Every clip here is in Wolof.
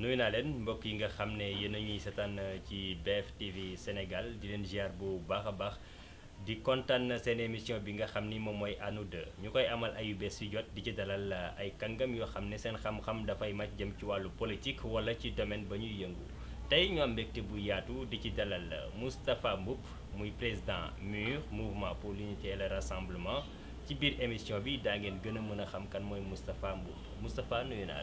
nuyu naa leen mbokk yi nga xam ne yéen a ñuy seetaan euh, ci BFTV Sénégal di leen ziar bu baax a baax di kontaan seen émission bi nga xam ni moom mooy Annu 2 ñu koy amal ayu bés yu jot di ci dalal euh, ay kàngam yoo xam ne seen xam-xam dafay màcc jëm ci wàllu politique wala ci domaine ba ñuy yëngu tey ñoo am bu yaatu di ci dalal euh, Moustapha Mboup muy président MUR mouvement pour l'unité la le rassemblement ci biir émission bi daa ngeen gën a mën a xam kan mooy Moustapha Mboup Moustapha nuyu naa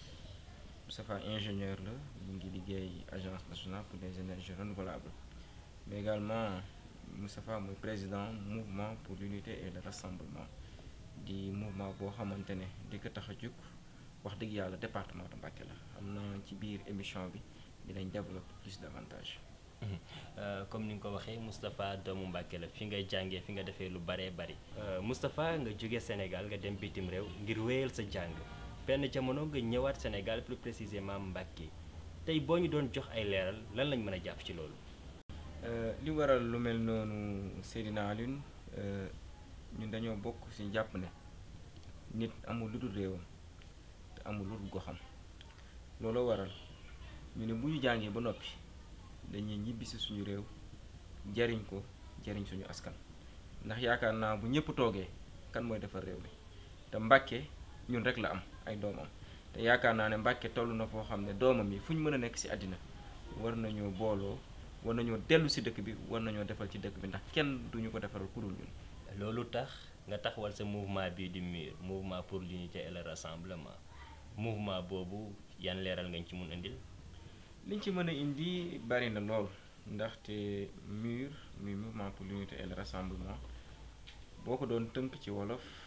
Moustapha ingénieur là, mu agence nationale pour les énergies renouvelables mais également Moustapha est président mouvement pour l'unité et le rassemblement di mouvement boo xamante ne di ko tax a wax département de Mbacké la am ci biir émission bi dinañ développer plus davantage hum, euh, comme nous nga ko waxee Moustapha doomu Mbacké la fi nga jàngee fi nga defee lu baré bari euh, Moustapha nga jóge Sénégal nga dem bitim réew ngir le sa jàng ben jamono nga ñëwaat Sénégal plus précisément Mbacké tay bo ñu doon jox ay leral lan lañ mëna japp ci loolu. euh li waral lu mel noonu Seydina Alioune euh, ñun dañoo bokk ci japp ne nit amul lu réew réewam te amul lu dul goxam looloo waral ñu ne bu ñu jàngé ba noppi dañuy ñibbi ci suñu réew jariñ ko jariñ suñu askan ndax yaakaar naa bu ñëpp toogee kan mooy defar réew mi te Mbacké ñun rek la am. ay doomam te yaakaar naa ne Mbàkke tollu na foo xam ne doomam yi fu ñu mën a nekk si àddina war nañoo booloo war nañoo dellu si dëkk bi war nañoo defal ci dëkk bi ndax kenn duñu ko defaral ku ñun loolu tax nga tax taxawal sa mouvement bii di MUR mouvement pour l'unité et le rassemblement mouvement boobu yan leeral ngañ ci mun indil liñ ci mën a indi bari na lool ndaxte mu muy mouvement pour l'unité et le rassemblement boo ko doon tënk ci wolof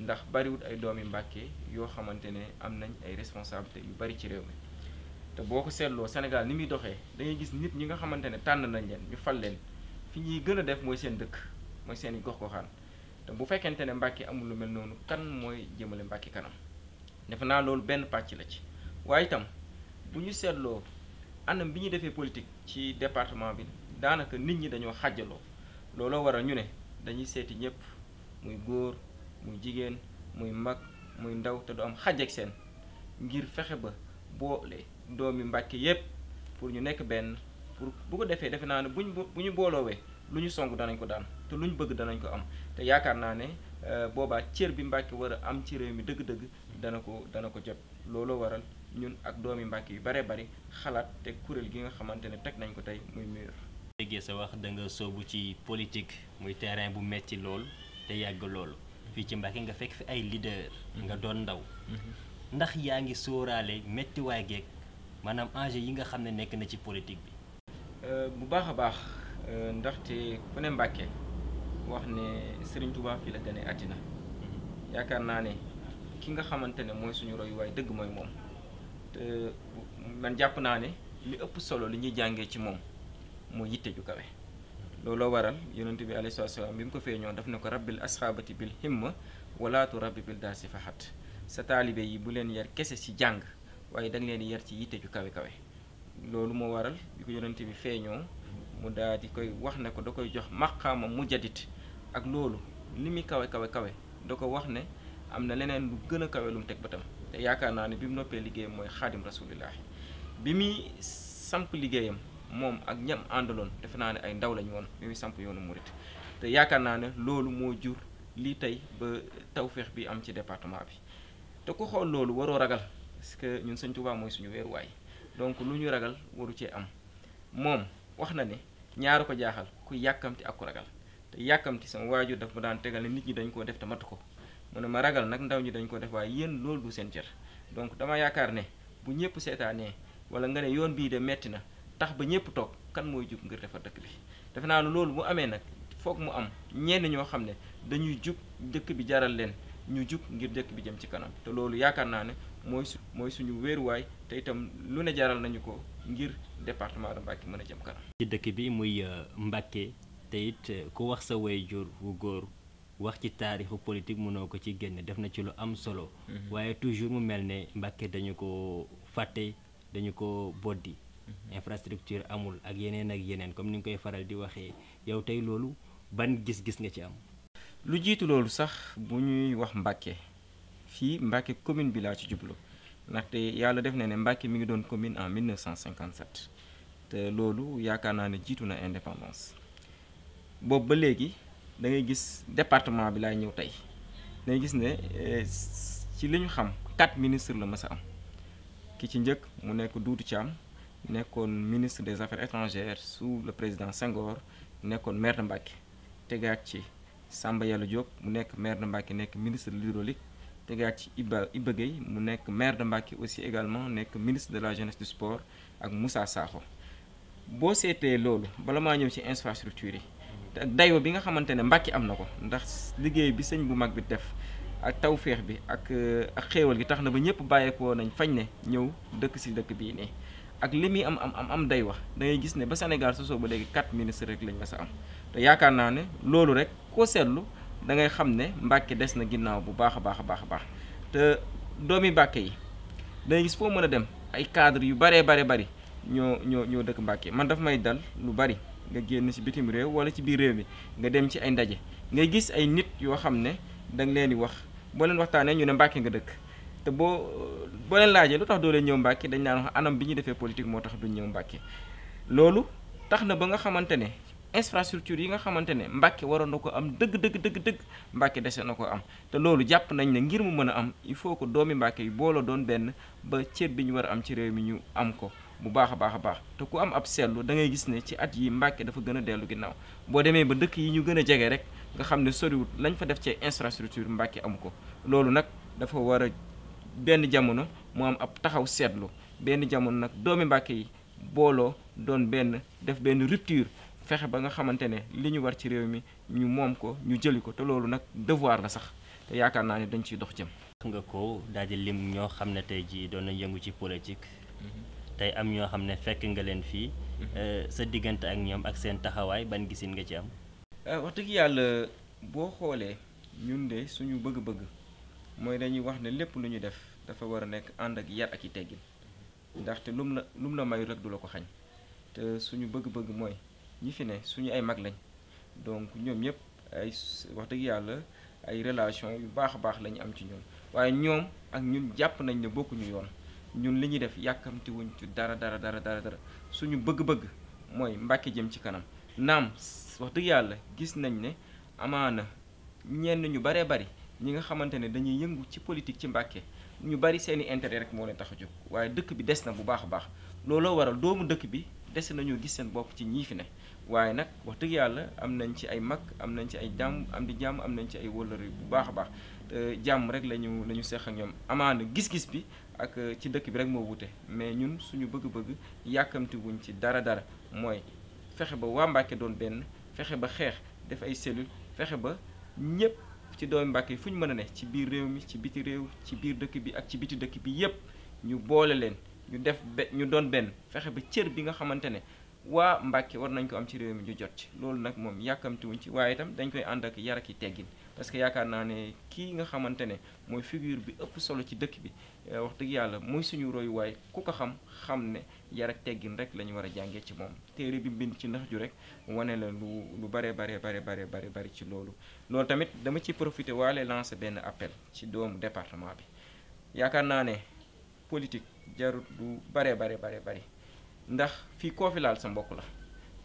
ndax bariwul ay doomi Mbàkke yoo xamante ne am nañ ay responsabilités yu bari ci réew mi te boo ko seetloo Sénégal ni muy doxee da gis nit ñi nga xamante ne tànn nañ leen ñu fal leen fi ñuy gën a def mooy seen dëkk mooy seen i gox-goxaan te bu fekkente ne Mbàkke amul lu mel noonu kan mooy jëmale Mbàkke kanam defe naa loolu benn pàcc la ci waaye itam bu ñu seetloo anam bi ñu defee politique ci département bi daanaka nit ñi dañoo xàjjaloo looloo waral ñu ne dañuy seeti ñëpp muy góor muy jigéen muy mag muy ndaw te du am xaj seen ngir fexe ba boole doomi Mbàkke yépp pour ñu nekk benn pour bu ko defee defe naa ne buñ bu ñu booloowee lu ñu song danañ ko daan te lu ñu bëgg danañ ko am te yaakaar naa ne euh, boobaa cër bi Mbàkke war a am ci réew mi dëgg-dëgg dana ko dana ko jot looloo waral ñun ak doomi Mbàkke yu bare bari xalaat te kuréel gi nga xamante ne teg nañ ko tey muy mur déggee sa wax da nga soobu ci politique muy terrain bu metti lool te yàgg loolu fii ci Mbacke nga fekk fi ay leader mhm. nga doon ndaw mhm. ndax yaa ngi sóoraale méttiwaay geeg maanaam enjeu yi nga xam ne nekk na ci politique bi euh, bu baax a baax euh, ndaxte ku ne Mbacke wax ne Serigne Touba fii la gane àddina mhm. yaakaar naa ne ki nga xamante ne mooy suñu royuwaay dëgg mooy moom te man jàpp naa ne li ëpp solo li ñuy jàngee ci moom mooy yitte ju kawe lolo waral yonent bi alayhi salaatu salaam bi ko feeñoo daf ne ko rabbil ashabati bil himma walaatu rabbi bil dasifahat sa talibe yi bu len yar kesse ci jàng waye dag len yar ci yitte ju kawe kawe lolu mo waral bi ko yonent bi feeñoo mu daal di koy wax ne ko da koy jox maqama mujjadit ak lolu limi kawe kawe kawe da ko wax ne amna lenen lu gëna kawe lu tek batam te yakarna ni bim noppé liggéey moy khadim rasulillah xaadim bi muy samp liggéeyam moom ak ñam àndaloon defe naa ne ay ndaw lañu woon bi muy samp yoonu Mouride te yaakaar naa ne loolu moo jur lii tey ba tawféex bi am ci département bi te ku xool loolu waroo ragal parce que ñun Sëñ Tuubaa mooy suñu weeruwaay donc lu ñu ragal waru cee am moom wax na ne ñaaru ko jaaxal ku yàkkamti ak ku ragal te yàkkamti sama waajur daf ma daan tegal ne nit ñi dañ koo def te mat ko mu ne ma ragal nag ndaw ñi dañ ko def waaye yéen loolu du seen cër donc dama yaakaar ne bu ñëpp seetaanee wala nga ne yoon bii de metti na tax ba ñëpp toog kan mooy jug ngir defar dëkk bi defe naa ne loolu bu amee nag foog mu am ñenn ñoo xam ne dañuy jub dëkk bi jaral leen ñu jug ngir dëkk bi jëm ci kanam te loolu yaakaar naa ne mooy su mooy suñu wéeruwaay te itam lu ne jaral nañu ko ngir département de Mbacké mën a jëm kanam. ci dëkk bi muy euh, Mbacké te it euh, ku wax sa waajur wu góor wax ci taarixu politique mënoo ko ci génn def na ci lu am solo. Mhm. waaye toujours mu mel ne Mbacké dañu ko fàtte dañu ko boddi. Mm-hmm. infrastructure amul ak yeneen ak yeneen comme ni nga koy faral di waxee yow tey loolu ban gis-gis nga ci am. lu jiitu loolu sax bu ñuy wax Mbacke fii Mbacke commune bi laa ci jublu ndaxte yàlla def na ne Mbacke mi ngi doon commune en 1957 te loolu yaakaar naa ne jiitu na indépendance boobu ba léegi da ngay gis département bi laay ñëw tey da ngay gis ne eh, ci li xam quatre ministre la mës a am ki ci njëkk mu nekk duutu ci Thiam. nekkoon ministre des affaires étrangères sous le président Senghor nekkoon maire de Mbacké tegaat ci Samba Yalla Diop mu nekk maire de Mbacké nekk ministre de l'hydraulique tegaat ci Iba Iba Gueye mu nekk maire de Mbacké aussi également nekk ministre de la jeunesse du sport ak Moussa Sakho boo seetee loolu bala maa ñëw ci infrastructure yi ak dayo bi nga xamante ne Mbacké am na ko ndax liggéey bi sëñ bu mag bi def ak tawféex bi ak euh, ak xéewal gi tax na ba ñëpp bàyyeekoo nañ fañ ne ñëw dëkk ci dëkk bii nii ak limi am am am am day wax da ngay gis ne ba senegal soso ba legi 4 ministres rek lañ ma sa am te yaakaar naa ne loolu rek ko setlu da ngay xam ne Mbàkke des na ginnaaw bu baax a baax a baax baax te doomi Mbàkke yi da ngay gis foo mën dem ay cadre yu bare bare bari ñoo ñoo ñoo dëkk Mbàkke man daf may dal lu bari nga génn ci bitim réew wala ci biir réew mi nga dem ci ay ndaje ngay gis ay nit yoo xam ne da nga leen wax boo leen waxtaanee ñu ne Mbàkke nga dëkk te boo boo leen laajee lu tax doo leen ñëw Mbàkke dañ naan wax anam bi ñu defee politique moo tax duñ ñëw Mbàkke loolu tax na ba nga xamante ne infrastructure yi nga xamante ne Mbàkke waroon na ko am dëgg dëgg dëgg dëgg Mbàkke dese na ko am te loolu jàpp nañ ne ngir mu mën a am il faut que doomi Mbàkke yi booloo doon benn ba cër bi ñu war a am ci réew mi ñu am ko bu baax a baax a baax te ku am ab seetlu da gis ne ci at yi Mbàkke dafa gën a dellu ginnaaw boo demee ba dëkk yi ñu gën a jege rek nga xam ne soriwut lañ fa def ci infrastructure Mbàkke amu ko loolu nag dafa war a benn jamono mu am ab taxaw seetlu benn jamono nag doomi Mbàkke yi booloo doon benn def benn rupture fexe ba nga xamante ne li ñu war ci réew mi ñu moom ko ñu jëli ko te loolu nag devoir la sax te yaakaar naa ne dañ ciy dox jëm. nga ko daal di lim ñoo xam ne tey jii doon nañ yëngu ci politique. Mhm. tey am ñoo xam ne fekk nga leen fii. Mhm. Euh, sa diggante ak ñoom ak seen taxawaay ban gisin nga ci am. Euh, wax dëgg yàlla boo xoolee ñun de suñu bëgg-bëgg. mooy dañuy wax ne lépp lu ñu def dafa war a nekk ànd ak yar ak i teggin ndaxte lum la lum la mayu rek du la ko xañ te suñu bëgg-bëgg mooy ñi fi ne suñu ay mag lañ donc ñoom ñëpp ay wax dëgg yàlla ay relation yu baax a baax lañu am ci ñoom waaye ñoom ak ñun jàpp nañ ne bokkuñu yoon ñun li ñuy def yàkkamti wuñ ci dara dara dara dara dara suñu bëgg-bëgg mooy Mbàkke jëm ci kanam naam wax dëgg yàlla gis nañ ne amaana ñenn ñu baree bari ñi nga xamante ne dañuy yëngu ci politique ci Mbàkke ñu bari seen i intérêt rek moo leen tax a jóg waaye dëkk bi des na bu baax a baax looloo waral doomu dëkk bi des nañoo gis seen bopp ci ñii fi ne waaye nag wax dëgg yàlla am nañ ci ay mag am nañ ci ay jàmm am di jàmm am nañ ci ay wëllëre bu baax a baax jàmm rek lañu la ñu seq ak ñoom amaana gis-gis bi ak euh, ci dëkk bi rek moo wute mais ñun suñu bëgg-bëgg yàkkamti ci dara dara mooy fexe ba waa Mbàkke doon benn fexe ba xeex def ay cellule fexe ba ñëpp ci doomi Mbàkke yi fu ñu mën a ne ci biir réew mi ci biti réew ci biir dëkk bi ak ci biti dëkk bi yépp ñu boole leen ñu def be ñu doon benn fexe ba cër bi nga xamante ne waa Mbàkke war nañ ko am ci réew mi ñu jot ci loolu nag moom yàkkamtiwuñ ci waaye itam dañ koy ànd ak yar ak teggin parce que yaakaar naa ne kii nga xamante ne mooy figure bi ëpp solo ci dëkk bi euh, wax dëgg yàlla mooy suñu royuwaay ku ko xam xam ne yar ak teggin rek la ñu war a jàngee ci moom téere bi mbind ci nax ju rek wane la lu lu bare bare bare bare bare bari ci loolu loolu tamit dama ci profité waale lancé benn appel ci doomu département bi yaakaar naa ne politique jarut lu bare bare bare bari ndax fii koo fi laal sa mbokk la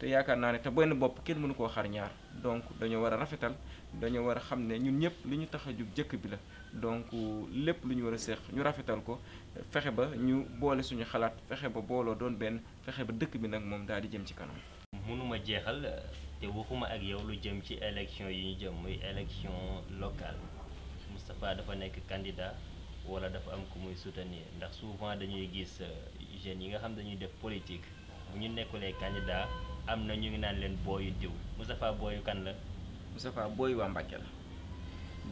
te yaakaar naa ne te benn bopp kenn mënu koo xarñaar donc dañoo war a rafetal dañoo war a xam ne ñun ñëpp lu ñu tax a jug jëkk bi la donc lépp lu ñu war a seex ñu rafetal ko fexe ba ñu boole suñu xalaat fexe ba booloo doon benn fexe ba dëkk bi nag moom daal di jëm ci kanam. mënuma jeexal te waxuma ak yow lu jëm ci élection yi ñu jëm muy élection locale Moustapha dafa nekk candidat wala dafa am ku muy soutenir ndax souvent dañuy gis euh, jeunes yi nga xam dañuy def politique bu ñu nekkulee candidat am na ñu ngi naan leen booyu diw Moustapha booyu kan la. Moustapha booy waa Mbàkke la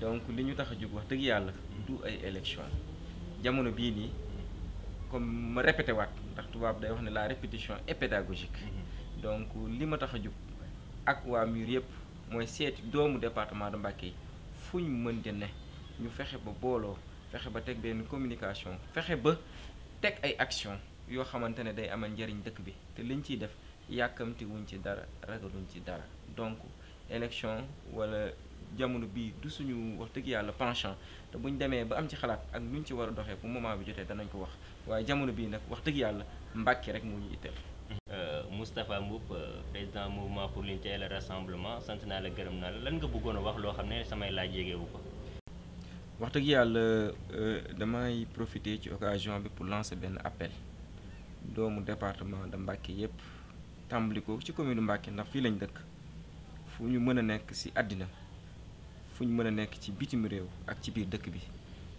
donc li ñu tax a jóg wax dëgg yàlla du ay élection jamono bii nii comme ma répété waat ndax tubaab day wax ne la répétition est pédagogique donc li ma tax a jóg ak waa mur yëpp mooy seeti doomu département de Mbàkke yi fu ñu mën di ne ñu fexe ba booloo fexe ba teg benn communication fexe ba teg ay action yoo xamante ne day amal njëriñ dëkk bi te liñ ciy def yàkkamti ci dara ragaluñ ci dara donc élection wala jamono bi du suñu wax dëgg yàlla penchant te buñ ñu demee ba am ci xalaat ak nuñ ci war a doxee bu moment bi jotee danañ ko wax waaye jamono bi nag wax dëgg yàlla Mbàkke rek moo ñu itteel. Euh, Moustapha Mboup euh, président mouvement pour l'unité et le rassemblement sant naa la gërëm naa la lan nga bëggoon a wax loo xam ne samay laaj yegewu ko. wax dëgg yàlla euh, damay profiter ci occasion bi pour lancer benn appel doomu département de Mbàkke yépp tàmbali ko ci commune Mbàkke ndax fii lañ dëkk. fu ñu mën a nekk ci àddina fu ñu mën a nekk ci bitim réew ak ci biir dëkk bi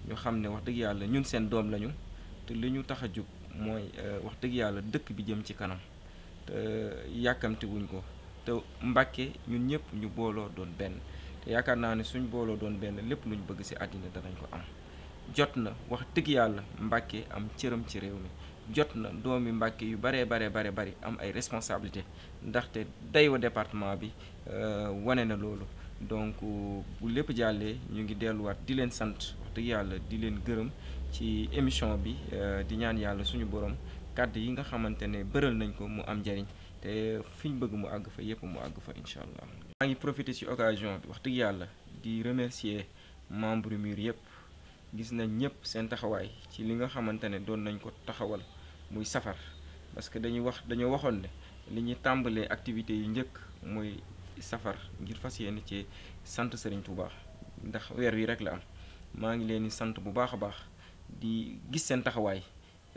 ñu xam ne wax dëgg yàlla ñun seen doom lañu te li ñu tax a jóg mooy euh, wax dëgg yàlla dëkk bi jëm ci kanam te euh, yàkkamti ko te Mbàkke ñun ñëpp ñu booloo doon benn te yaakaar naa ne suñ booloo doon benn lépp lu ñu bëgg ci àddina danañ ko am jot na wax dëgg yàlla Mbàkke am cëram ci réew mi jot na doomi Mbàkke yu baree bare bare bari am ay responsabilité ndaxte dayoo département bi euh, wane na loolu donc euh, bu lépp jàllee ñu ngi delluwaat di leen sant wax dëgg yàlla di leen gërëm ci émission bi euh, di ñaan yàlla suñu borom kàdd yi nga xamante ne bëral nañ ko mu am njariñ te fi ñu bëgg mu àgg fa yépp mu àgg fa incha allah. maa ngi profité ci occasion bi wax dëgg yàlla di remercier membre miir yépp gis nañ ñépp seen taxawaay ci li nga xamante ne doon nañ ko taxawal. muy safar parce que dañuy wax dañoo waxoon ne li ñuy tàmbalee activités yu njëkk mooy safar ngir fas yéene ci sant Sëriñ baax ndax weer wi rek la am maa ngi leen di sant bu baax a baax di gis seen taxawaay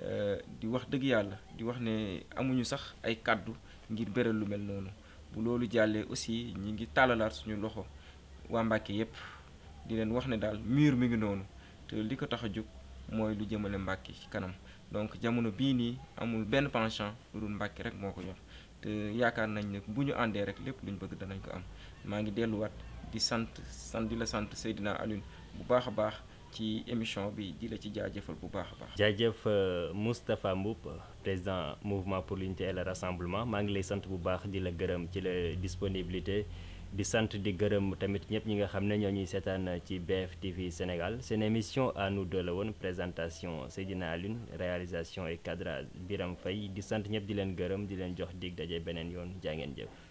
euh, di wax dëgg yàlla di wax ne amuñu sax ay kàddu ngir beral lu mel noonu bu loolu jàllee aussi ñi ngi tàllalaat suñu loxo waa Mbàkke yépp di leen wax ne daal mur mi ngi noonu te li ko tax a jóg mooy lu jëmale Mbàkke ci kanam donc jamono bii nii amul benn penchant lu dul Mbàkke rek moo ko yor te yaakaar nañ ne bu ñu àndee rek lépp luñ bëgg danañ ko am maa ngi delluwaat di sant sant di la sant Seydina Alioune bu baax a baax ci émission bi di la ci jaajëfal bu baax a baax. jaajëf euh, Moustapha Mboup président mouvement pour l'unité et le rassemblement maa ngi lay sant bu baax di la gërëm ci la disponibilité di sant di gërëm tamit ñëpp ñi nga xam ne ñoo ñuy seetaan ci TV Sénégal seen émission à nous deux la woon présentation Seydina Aline réalisation et cadrage Biram Faye di sant ñëpp di leen gërëm di leen jox dig daje beneen yoon jaa ngeen jëf.